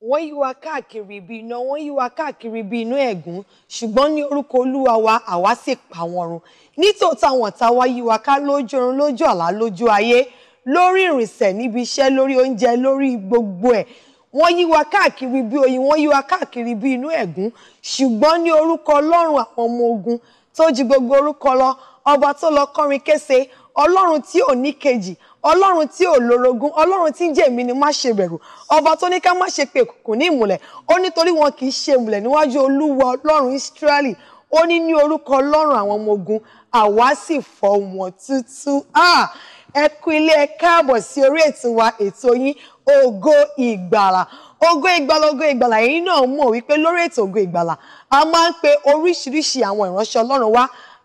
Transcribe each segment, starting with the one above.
wọ́n yí wa káàkiri ibi iná wọ́n yí wa káàkiri ibi inú ẹ̀gún ṣùgbọ́n ní orúkọ olúwa wa àwa sì pa wọ́n run nítòótọ́ àwọn ọ̀tá wa yí wa ká lójú oorun lójú àlá lójú ayé lórí ìrìnsẹ̀ níbi iṣẹ́ lórí oúnjẹ lórí gbogbo ẹ̀ wọ́n yí wa káàkiri bí oyin wọ́n yí wa káàkiri bí inú ẹ̀gún ṣùgbọ́n ní orúkọ ọlọ́run àwọn ọmọ ogun tó ju gbogbo orúkọ lọ ọba tó lọ kọrin kése ọlọ́run tí ò ní kejì ọlọ́run tí ò lórogún ọlọ́run tí ń jẹ́ èmi ni má ṣe bẹ̀rù ọba tó ní ká má ṣe pé kò ní ìmùlẹ̀ ó nítorí wọn kì í ṣe ìmùlẹ̀ níwájú olúwa ọlọ́run Ísírẹ́lì ó ní ní orúkọ ọlọ́run àwọn ọmọ ogun àwa sì fọ́ wọn tútú ẹ kú ilé ẹ káàbọ̀ sí orí ètò wa ètò yín ògo ìgbàlà ògo ìgbàlà ògo ìgbàlà èyí náà mọ̀ wípé lórí ètò ògo ìgbàlà a máa ń pe oríṣiríṣi àwọn ìránṣẹ́ ọlọ́run wá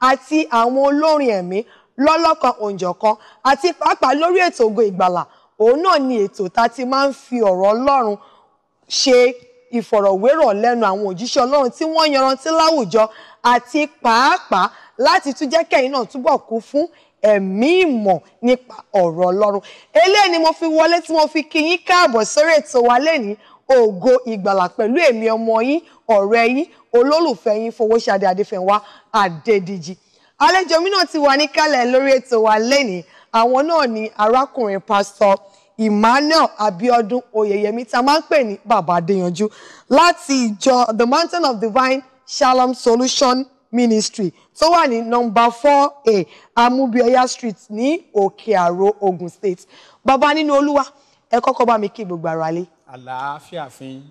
àti àwọn olórin ẹ̀mí lọ́lọ́kan òǹjọ̀kan àti pàápàá lórí ètò Ògo Ìgbàlà òun náà ni ètò tá a ti máa ń fi ọ̀rọ̀ Ọlọ́run ṣe ìfọ̀rọ̀wérọ̀ lẹ́nu àwọn òjíṣẹ́ Ọlọ́run tí wọ́n yanrantí láwùjọ àti pàápàá láti tún jẹ́ kẹ́yìn náà túbọ̀ kún fún ẹ̀mí ìmọ̀ nípa ọ̀rọ̀ Ọlọ́run eléyìí ni mo fi wọlé tí mo fi kí yín káàbọ̀ sórí ètò wa lẹ́nìí Ògo Ìgbàlà pẹ̀lú èmi ọmọ yín ọ̀rẹ́ yín olólùfẹ́ yín Fowóṣadé Adéfẹ́nwá Adédìjì àlejò mi náà ti wà níkàlẹ̀ lórí ètò wa lẹ́nìí àwọn náà ni arákùnrin pásítọ̀ Emmanuel Abiodun Oyeyemi tá a máa ń pè ní Bàbá Adéyanjú láti ìjọ The Mountain of Divine Shalom Solution Ministry tó wà ní nọ́mbà 4A Amubioya Street ní Òkè Àrò Ogun State bàbá nínú Olúwa ẹ kọ́kọ́ bá mi kí gbogbo ara lé. àlàáfíà fún yín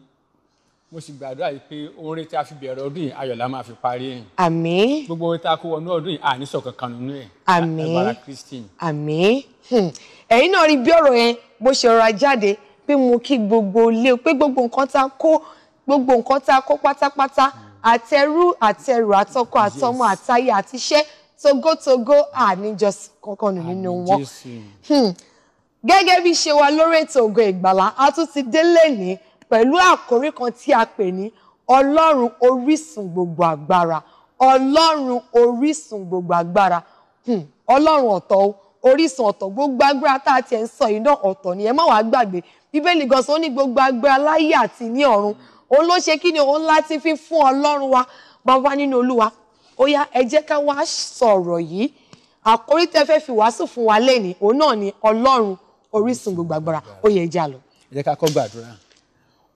mo sì gbàdúrà yìí pé orin tí a fi bẹ̀rẹ̀ ọdún yìí ayọ̀ la máa fi parí ẹ̀. àmín. gbogbo orin tá a kó wọnú ọdún yìí àní sọ̀kan kan nínú ẹ̀. àmín agbára Christine. àmín hmm. ẹ̀yin náà rí bí ọ̀rọ̀ yẹn bó ṣe rọra jáde pé mo kí gbogbo ilé pé gbogbo nǹkan tá a kó gbogbo nǹkan tá a kó pátápátá hmm. àtẹrú àtẹrù àtọkọ àtọmọ àtayé àtiṣẹ́ togotogo àníjọ kankan nínú wọn hmm. gẹ́gẹ́ bí ṣe wà lórí ètò Ògo Ìgbàlà a tún ti délé ní pẹ̀lú àkórí kan tí a pè ní ọlọ́run orísun gbogbo agbára ọlọ́run orísun gbogbo agbára hmm, ọlọ́run ọ̀tọ̀ orísun ọ̀tọ̀ gbogbo agbára tá a tiẹ̀ ń sọ yìí náà ọ̀tọ̀ ni ẹ má wàá gbàgbé bíbélì gan sọ ní gbogbo agbára láyé àti ní ọ̀run òun ló ṣe kí ni òun láti fi fún ọlọ́run wa bàbá nínú olúwa ó yá ẹ jẹ́ ká wá sọ̀rọ̀ yìí àkórí tẹ́ fẹ́ fi wàásù fún wa lẹ́nìí òun náà ni ọlọ́run orísun gbogbo agbára ó yẹ ẹ já lọ. ẹ jẹ́ ká kọ́ gbàdúrà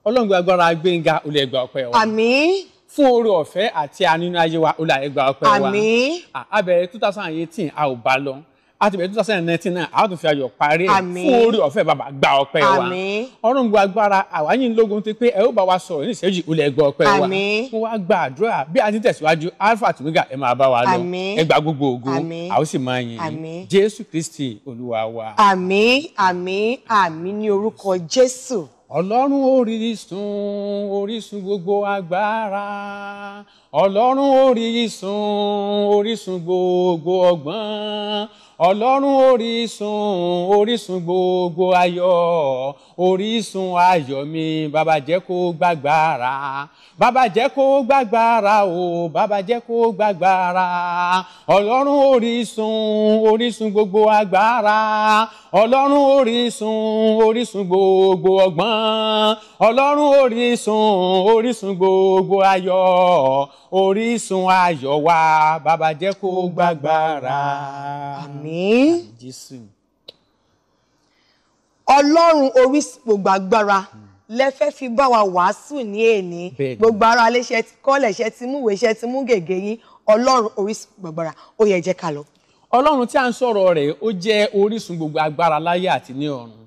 ọlọ́run gba agbára gbẹ̀ngà olè gba ọpẹ́ wa. àmín. fún oore ọ̀fẹ́ àti àánú ayé wa olè gba ọpẹ́ wa. àmín. àbẹ̀rẹ̀ two thousand and eighteen a ò bá lọ àti bẹ̀rẹ̀ two thousand and nineteen náà a tún fi ayọ̀ parí ẹ̀ fún orí ọ̀fẹ́ bàbá gba ọpẹ́ wa ọ̀run gba agbára àwáyìn lógun ti pé ẹ ó bá wa sọ̀rọ̀ ní ìṣẹ́jú olè gba ọpẹ́ wa fún wa gba alpha àti omega ẹ máa bá wa lọ ẹ gba gbogbo ògo a ó sì máa yìn Jésù Kristi ọlọ́run orísun orísun gbogbo agbára ọlọ́run orísun orísun gbogbo ọgbọ́n ọlọ́run orísun orísun gbogbo ayọ̀ orísun ayọ̀ mi bàbá jẹ́ kó gbàgbára bàbá jẹ́ kó gbàgbára o bàbá jẹ́ kó gbàgbára ọlọ́run orísun orísun gbogbo agbára ọlọ́run orísun orísun gbogbo ọgbọ́n ọlọ́run orísun orísun gbogbo ayọ̀ orísun ayọ̀ wa bàbá jẹ́ kó gbàgbára. àmín jésù. ọlọ́run orísun gbogbo agbára lẹ́fẹ́ fi bá wa wàásù ní èní gbogbo ara léṣẹ́ ti kọ́lẹ̀ ṣẹ́ ti mú ìwé ṣẹ́ ti mú gègé yín ọlọ́run orísun gbàgbára ó yẹ jẹ́ ká lọ ọlọ́run tí a ń sọ̀rọ̀ rẹ̀ ó jẹ́ orísun gbogbo agbára láyé àti ní ọ̀run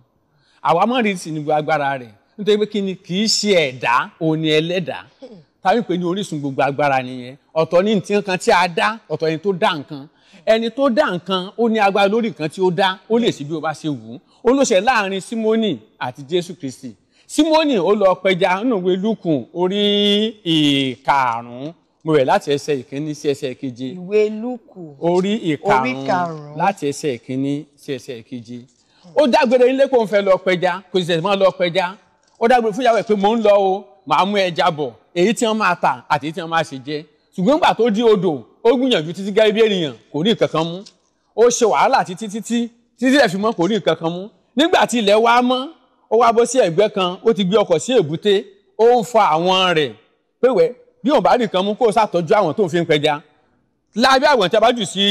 àwa mọ̀ rí sí ní gbogbo agbára rẹ̀ nítorí pé kí ni kì í ṣe ẹ̀dá òun ni ẹlẹ́dàá tàbí pé ní orísun gbogbo agbára nìyẹn ọ̀tọ̀ ní nǹkan tí a dá ọ̀tọ̀ ẹni tó dá nǹkan ẹni tó dá nǹkan ó ní agbára lórí nǹkan tí ó dá ó lè ṣe bí ó bá ṣe wù ú ó ló láàrin Símónì àti Jésù Kristi Símónì ó lọ pẹja nínú orí ìkarùn-ún mo rẹ̀ láti ẹsẹ̀ ìkíní sí ẹsẹ̀ ìkeje. ìwé lúkù orí ìkarùn-ún láti ẹsẹ̀ ìkíní sí ẹsẹ̀ ìkeje. ó dágbére ilé pé òun fẹ́ lọ pẹja kò sì tẹ̀sí máa lọ pẹja ó dágbére fún ìyàwó ẹ̀ pé mò ń lọ o màá mú ẹja bọ̀ èyí tí wọ́n máa tà àti èyí tí wọ́n máa ṣe jẹ ṣùgbọ́n nígbà tó di odò ó gbìyànjú títí gẹ́gẹ́ bí ènìyàn kò rí nǹkan kan mú ó ṣe wàhálà títí títí títí ẹ̀ fi mọ́ kò rí nǹkan kan mú nígbà tí ilẹ̀ wá mọ́ ó wá bọ́ sí ẹ̀gbẹ́ kan ó ti gbé ọkọ̀ sí èbúté ó ń fa àwọn rẹ̀ pé wẹ́ bí òun bá nìkan mú kó o ṣàtọ́jú àwọn tó ń fi ń pẹja lábẹ́ àwọ̀n tí a bá jù sí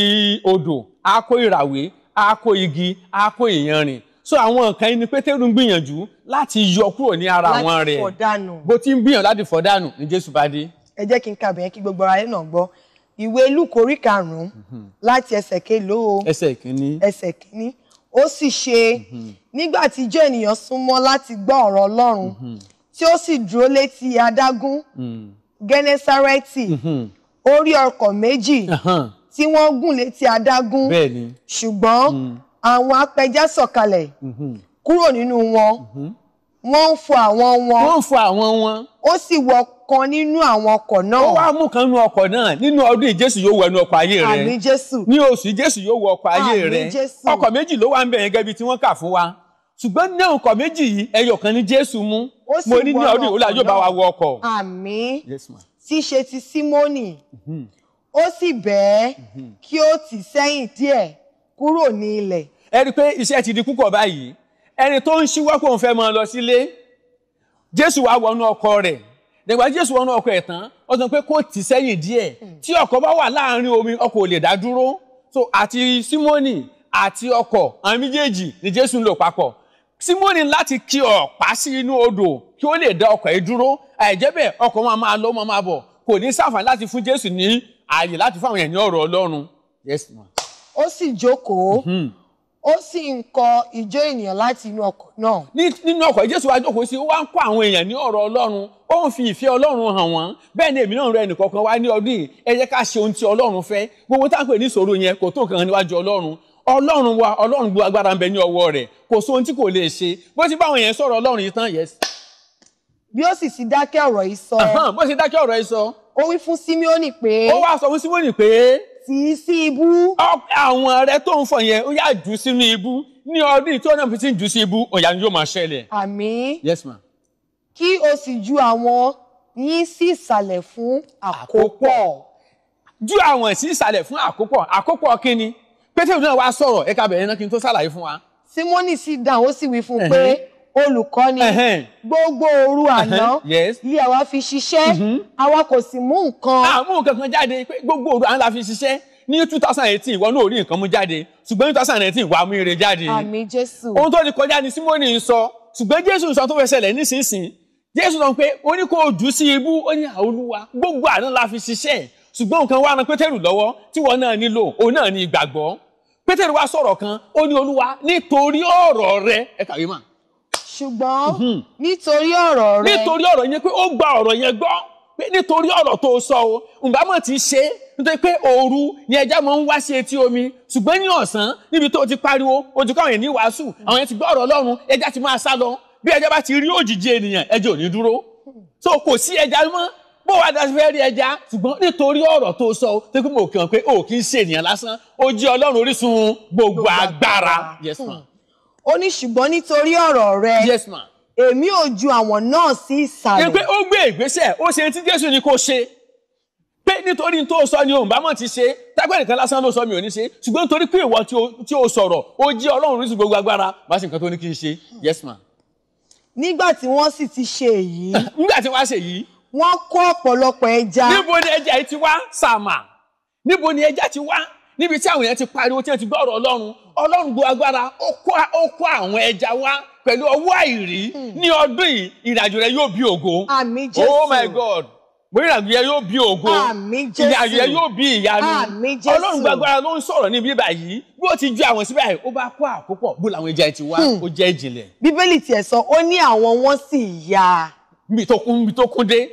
odò a kó ìràwé a kó igi a kó ìyanrìn so àwọn nǹkan ẹni pétérù ń gbìyànjú láti yọ kúrò ní ara wọn rẹ̀ bó ti ń gbìyànjú láti fọ̀ dànù ní Jésù bá dé. ẹ jẹ́ kí n kàbẹ̀ yẹn kí gbogbo ara yẹn náà gbọ́ ìwé Lúùkù orí karùn-ún mhm. láti ẹsẹ̀ kélòó ẹsẹ̀ kínní ẹsẹ̀ kínní ó sì ṣe mhm. nígbà tí ijó ènìyàn súnmọ́ láti gbọ́ ọ̀rọ̀ Ọlọ́run mhm. tí ó sì dúró létí adágún gẹ́nẹ́sárẹ́tì orí mhm. ọkọ̀ méjì tí wọ́n gùn létí adágún ṣùgbọ́n mm. àwọn apẹja sọ̀kalẹ̀ mhm. kúrò nínú wọn mhm. wọ́n ń fọ àwọn wọn wọ́n ń fọ àwọn wọn ó sì wọ kan nínú àwọn ọkọ̀ náà ó wá mú kan nínú ọkọ̀ náà nínú ọdún ìjésù yóò wọ ẹnu ọkọ̀ ayé rẹ àmín jésù ní oṣù ìjésù yóò wọ ọkọ̀ ayé rẹ ọkọ̀ méjì ló wà ń bẹ yẹn tí wọ́n kà fún wa ṣùgbọ́n ní àwọn ọkọ̀ méjì yìí ẹyọ kan ní jésù mú mo ní ní ọdún ìwòlá yóò bá wa wọ ọkọ̀. àmín tí ṣe ti símónì mhm. ó sì bẹ́ẹ̀ mhm. kí ó tì sẹ́yìn díẹ̀ kúrò ní ilẹ̀. ẹ rí i pé iṣẹ́ ti di púpọ̀ báyìí ẹni tó ń ṣíwọ́ kó ń fẹ́ máa lọ sílé jésù wá wọnú ọkọ̀ rẹ̀ nígbà jésù wọnú ọkọ̀ ẹ̀ tán ó sọ pé kó tì sẹ́yìn díẹ̀ hmm. tí ọkọ̀ bá wà láàrin omi ọkọ̀ ò lè dá dúró so àti símónì àti ọkọ̀ àwọn méjèèjì ni jésù ń lò papọ̀ Símónì láti kí ọ̀pá sí inú odò kí ó lè dá ọkọ̀ yìí dúró àìjẹ́ bẹ́ẹ̀ ọkọ̀ máa máa lọ máa máa bọ̀ kò ní sáfà láti fún Jésù ní ààyè láti fún àwọn èèyàn ọ̀rọ̀ Ọlọ́run. Ó sì jókòó mhm. ó sì ń kọ ìjó ènìyàn láti inú ọkọ̀ náà. Nínú ọkọ̀ Jésù wá jókòó sí ó wá ń kọ́ àwọn èèyàn ní ọ̀rọ̀ Ọlọ́run ó ń fi ìfẹ́ Ọlọ́run hàn wọ́n bẹ́ẹ̀ ni èmi náà rẹ nìkọ̀ọ̀kan wá ní ọdún yìí ẹ jẹ́ ká ṣe ohun tí Ọlọ́run fẹ́ gbogbo táwọn pè ní ìṣòro yẹn kò tó nǹkan níwájú Ọlọ́run ọlọ́run wa ọlọ́run gbogbo agbára ń bẹ ní ọwọ́ rẹ̀ kò sóhun tí kò lè ṣe bó ti báwọn yẹn sọ̀rọ̀ ọlọ́run yìí tán yes. bí ó sì ti dákẹ́ ọ̀rọ̀ yìí sọ. bó ti dákẹ́ ọ̀rọ̀ yìí sọ. ó wí fún Símíónì pé. ó wá sọ fún Símíónì pé. tì í sí ibú. àwọn rẹ tó ń fọ yẹn ó yà jù sínú ibú ní ọdún tó náà fi ti ń jù sí ibú ọ̀yà ni yóò máa ṣẹlẹ̀. àmín. yes ma. kí o sì ju àwọn yín sí ìsàlẹ̀ fún àkópọ̀. ju àwọn sí ìsàlẹ̀ fún àkópọ̀ àkópọ̀ kíni pétérù náà wá sọ̀rọ̀ ẹ̀ka bẹ̀rẹ̀ náà kí n tó ṣàlàyé fún wa. simoni sì dáhùn ó sì wí fún un pé olùkọ́ ni gbogbo òru àná ilé àwa fi ṣiṣẹ́ mm-hmm. àwa kò sì mú nǹkan. a mú nǹkan kan jáde pé gbogbo òru àná la fi ṣiṣẹ́ ní two thousand eighteen ìwọ náà ò rí nǹkan mú jáde ṣùgbọ́n two thousand nineteen ìwà mú ire jáde. àmín jésù. ohun tó ti kọjá ni simoni ń sọ ṣùgbọ́n jésù ń sọ tó fẹ́ ṣẹlẹ̀ nísinsìnyí jésù sọ pé ó ní kó o jù sí ibú ó ní àolúwa gbogbo àná la fi ṣiṣẹ́ ṣùgbọ́n nǹkan wá ran pétérù lọ́wọ́ tí wọn náà nílò òun náà ní ìgbàgbọ́ pétérì wá sọ̀rọ̀ kan ó ní olúwa nítorí ọ̀rọ̀ rẹ ẹ kàwé mà. ṣùgbọ́n mhm. nítorí ọ̀rọ̀ rẹ nítorí ọ̀rọ̀ yẹn pé ó gba ọ̀rọ̀ yẹn gbọ́ pé nítorí ọ̀rọ̀ tó sọ o ǹbámọ̀ ti ṣe nítorí pé òru ni ẹja máa ń wá sí etí omi ṣùgbọ́n ní ọ̀sán níbi tó ti pariwo ojú káwọn ènìyàn wàásù àwọn yẹn ti gbọ́ ọ̀rọ̀ ọlọ́run ẹja ti máa sá lọ bí ẹja bá ti rí òjìji ènìyàn ẹja ò ní dúró so kò sí ẹja mọ́ bó wàá dá sí fẹ́ rí ẹja ṣùgbọ́n nítorí ọ̀rọ̀ tó sọ tó kí mo kàn pé ó kì í ṣènìyàn lásán ó jẹ́ ọlọ́run orísun gbogbo agbára. yes ma. Hmm. ó ní ṣùgbọ́n nítorí ọ̀rọ̀ rẹ. èmi ò ju àwọn náà sí ìsàlẹ̀. ẹ ó gbé ìgbésẹ̀ ó ṣe tí jésù ni kò ṣe pé nítorí tó sọ ni òun mọ̀ ti ṣe tágbẹ́ nìkan lásán ló sọ mi ò ní ṣe ṣùgbọ́n nítorí pé ìwọ tí ó sọ̀rọ̀ ó jẹ́ ọlọ́run orísun gbogbo agbára má ṣe nǹkan tó ní kí n ṣe nígbà tí wọ́n sì ti ṣe èyí. nígbà tí wọ́n á ṣe èyí wọ́n kó ọ̀pọ̀lọpọ̀ ẹja. níbo ni ẹja yìí ti wá sàmà níbo ni ẹja ti wá níbi tí àwọn èèyàn ti pariwo tí wọ́n ti gbọ́ ọ̀rọ̀ ọlọ́run ọlọ́run gbọ́ agbára ó kó àwọn ẹja wá pẹ̀lú ọwọ́ àìrí hmm. ní ọdún yìí ìrìnàjò rẹ yóò bí ògo. àmì jésù oh my god mo ìrìnàjò yẹn yóò bí ògo ìrìnàjò yẹn yóò bí ìyanu ọlọ́run gbàgbára ló ń sọ̀rọ̀ níbí báyìí bí ó ti ju àwọn síbẹ̀ yìí ó bá kó àkópọ̀ bó làwọn ẹja ti wá hmm. ó jẹ́ ìjìnlẹ̀. bíbélì tiẹ̀ sọ ó ní àwọn wọn sì yá Mi tó kún níbi tó kún dé.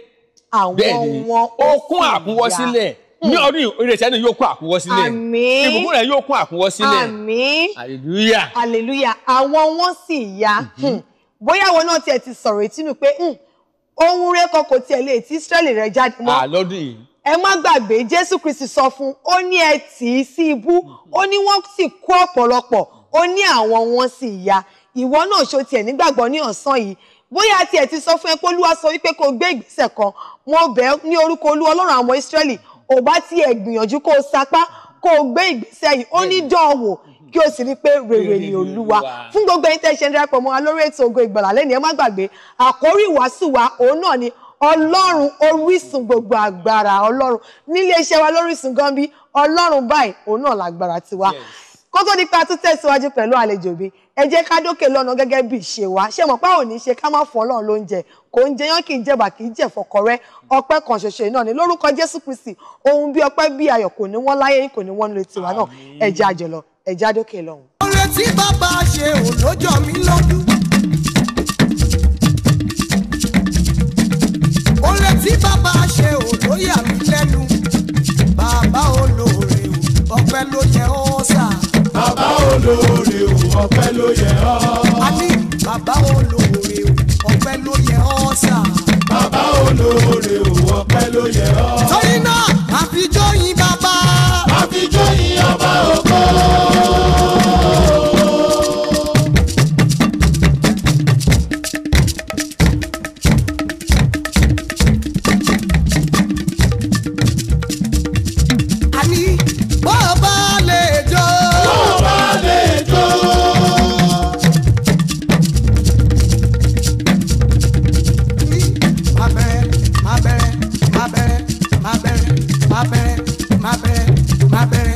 àwọn wọn ó kún àkúnwọ́ sílẹ̀ ní hmm. ọdún ìrètí ẹni yóò kún àkúnwọ́ sílẹ̀ àmín ìbùkún rẹ̀ yóò kún àkúnwọ́ sílẹ̀ àmín hallelujah àwọn wọn sì ya mm-hmm. hmm. bóyá wọn náà tiẹ̀ ti sọ̀rọ̀ ìtinú pé hmm, ohun rẹ̀ kan kò tiẹ̀ lè ti Ísírẹ́lì rẹ̀ jáde mọ́ àlọ́dún yìí ẹ má gbàgbé jésù kristi sọ fún ó ní ẹ tì í sí ibú ó ní wọ́n sì kó ọ̀pọ̀lọpọ̀ ó ní àwọn wọn sì ya ìwọ náà ṣó tiẹ̀ nígbàgbọ́ ní ọ̀sán yìí bóyá tiẹ̀ ti sọ fún ẹ pé olúwa sọ wípé kó gbé ìgbésẹ̀ kan mo bẹ̀ ẹ́ ní orúkọ olúwa ọlọ́run àwọn ìsírẹ́lì ò bá tiẹ̀ gbìyànjú kó o sapá kó o gbé ìgbésẹ̀ yìí ó ní dánwò kí o sì rí i pé rere ni olúwa fún gbogbo ẹni tẹ́ ṣe ń darapọ̀ mọ́ wa lórí ètò ògo ìgbàlà lẹ́nu ẹ má gbàgbé àkórí ìwàásù wa òun náà ni ọlọ́run orísun gbogbo agbára ọlọ́run nílé wa lórísun gan ọlọ́run báyìí òun náà lágbára tiwa. Yes kó tó nípa tún tẹ̀síwájú pẹ̀lú àlejò mi ẹ jẹ́ ká dókè lọ́nà gẹ́gẹ́ bí ìṣe wa ṣé mọ̀ pé òní ṣe ká má fọ́ ọlọ́run lóúnjẹ kò ń jẹyán kì í jẹ̀bà kì í jẹ̀fọ̀kọ̀rẹ́ ọpẹ́ kan ṣoṣo náà ni lórúkọ jésù kristi ohun bí ọpẹ́ bí ayọ̀ kò ní wọ́n láyé kò ní wọ́n lè tiwa náà ẹ jẹ́ àjọlọ ẹ jẹ́ àdókè lọ́hùn. ọ̀rẹ́ tí bàbá ṣe òun lójọ́ mi lọ́dún papel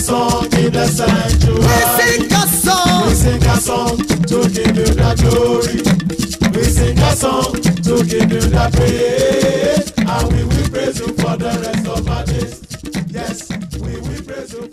song to the sanctuary. We sing a song. We sing a song to give you the glory. We sing a song to give you the praise. And we will praise you for the rest of our days. Yes, we will praise you.